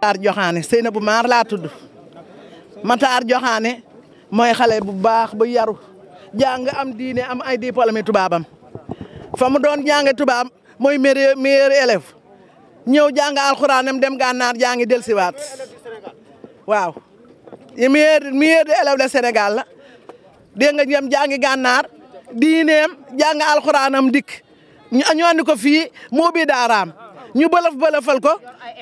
Mataar Joxaane bu Maar laa tudd Mataar Joxaane mooy xale bu baax bu yaru jàng am diine am ay diplôme tubaabam fa mu doon jàng tubaab mooy meilleur meilleur élève ñëw jàng alxuraanam dem gànnaar jàngi dellusiwaat waaw meilleur meilleur élève de Sénégal la dégg nga ñoom jàngi gànnaar diineem jàng alxuraanam dikk ñu andi fii mu ubbi daaraam ñu bëlëf bëlëfal ko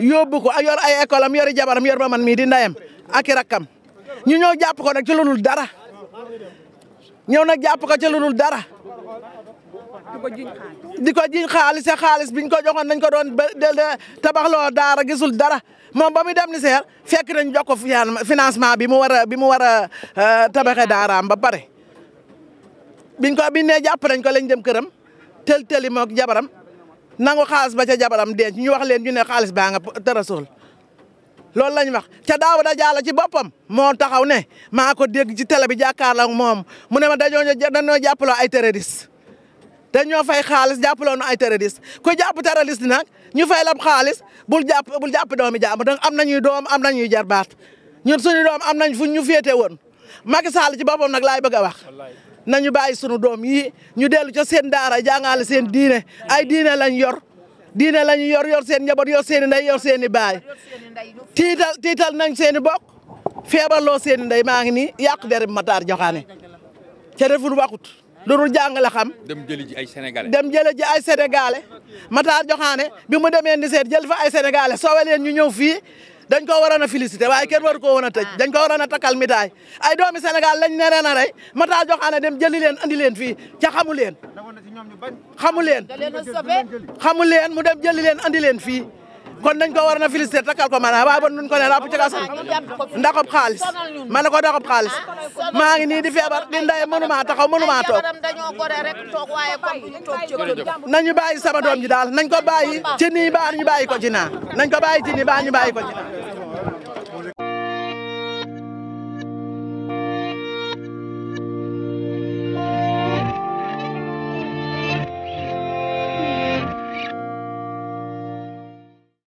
yóbbu ko yor ay école am yori jabaram yor ba man mii di ndayam ak i rakkam ñu ñëw jàpp ko nag ci dara ñëw nag jàpp ko ci dara. di ko jiñ xaalis sa xaalis biñ ko joxoon nañ ko doon tabax tabaxloo daara gisul dara moom ba mi dem ni seer fekk nañ jox ko financement bi mu war a bi mu war a euh, tabaxee daaraam ba pare biñ ko biñ ne jàpp nañ ko lañ dem këram tel teli mook jabaram nangu xaalis ba ca jabaram denc ñu wax leen ñu ne xaalis baa nga tërësul loolu lañ wax ca Daouda Diallo ci boppam moo taxaw ne maa ko dégg ci télé bi jàkkaarloo ak moom mu ne ma dañoo dañoo jàppaloo ay terroristes ñoo fay xaalis jàppaloo nu ay terroristes ku jàpp terroriste nag ñu fay lab xaalis bul jàpp bul jàpp doomi jàmm donc am na ñuy doom am nañuy jarbaat ñun suñu doom am nañ fu ñu féete woon Macky Sall ci boppam nag laay bëgg a wax. nañu bàyyi sunu doom yi ñu dellu ca seen daara jàngale seen diine ay diine lañ yor diine lañ yor yor seen njaboot yor seen i yor seen i baay tiital tiital nañ seen i bokk feebarloo seen i ndey maa ngi nii yàq derib Matar Joxaane ca deful waxut lu dul jàngale xam. dem jëli ji ay sénégalais dem jëli ji ay sénégalais Matar Joxaane bi mu demee ni seen jël fa ay sénégalais soowe leen ñu ñëw fii. dañ koo waroon na félicité waaye kenn war ko woon a tëj ah. dañ ko waroon a takkal mitaay ay doomi Sénégal lañ neree na rey Matar Diokhane dem jëli leen andi leen fii ca xamu leen xamu leen xamu leen mu dem jëli leen andi leen fii kon nañ ko war na félicité takkal ko maanaam waaye ba nun ko ne ràpp ci kaso ndaxob xaalis ma ne ko ndaxob xaalis maa ngi nii di feebar di ndey mënumaa taxaw mënumaa toog nañu bàyyi sama doom ji daal nañ ko bàyyi ci nii baa ñu bàyyi ko ci naa nañ ko bàyyi ci nii baa ñu bàyyi ko ci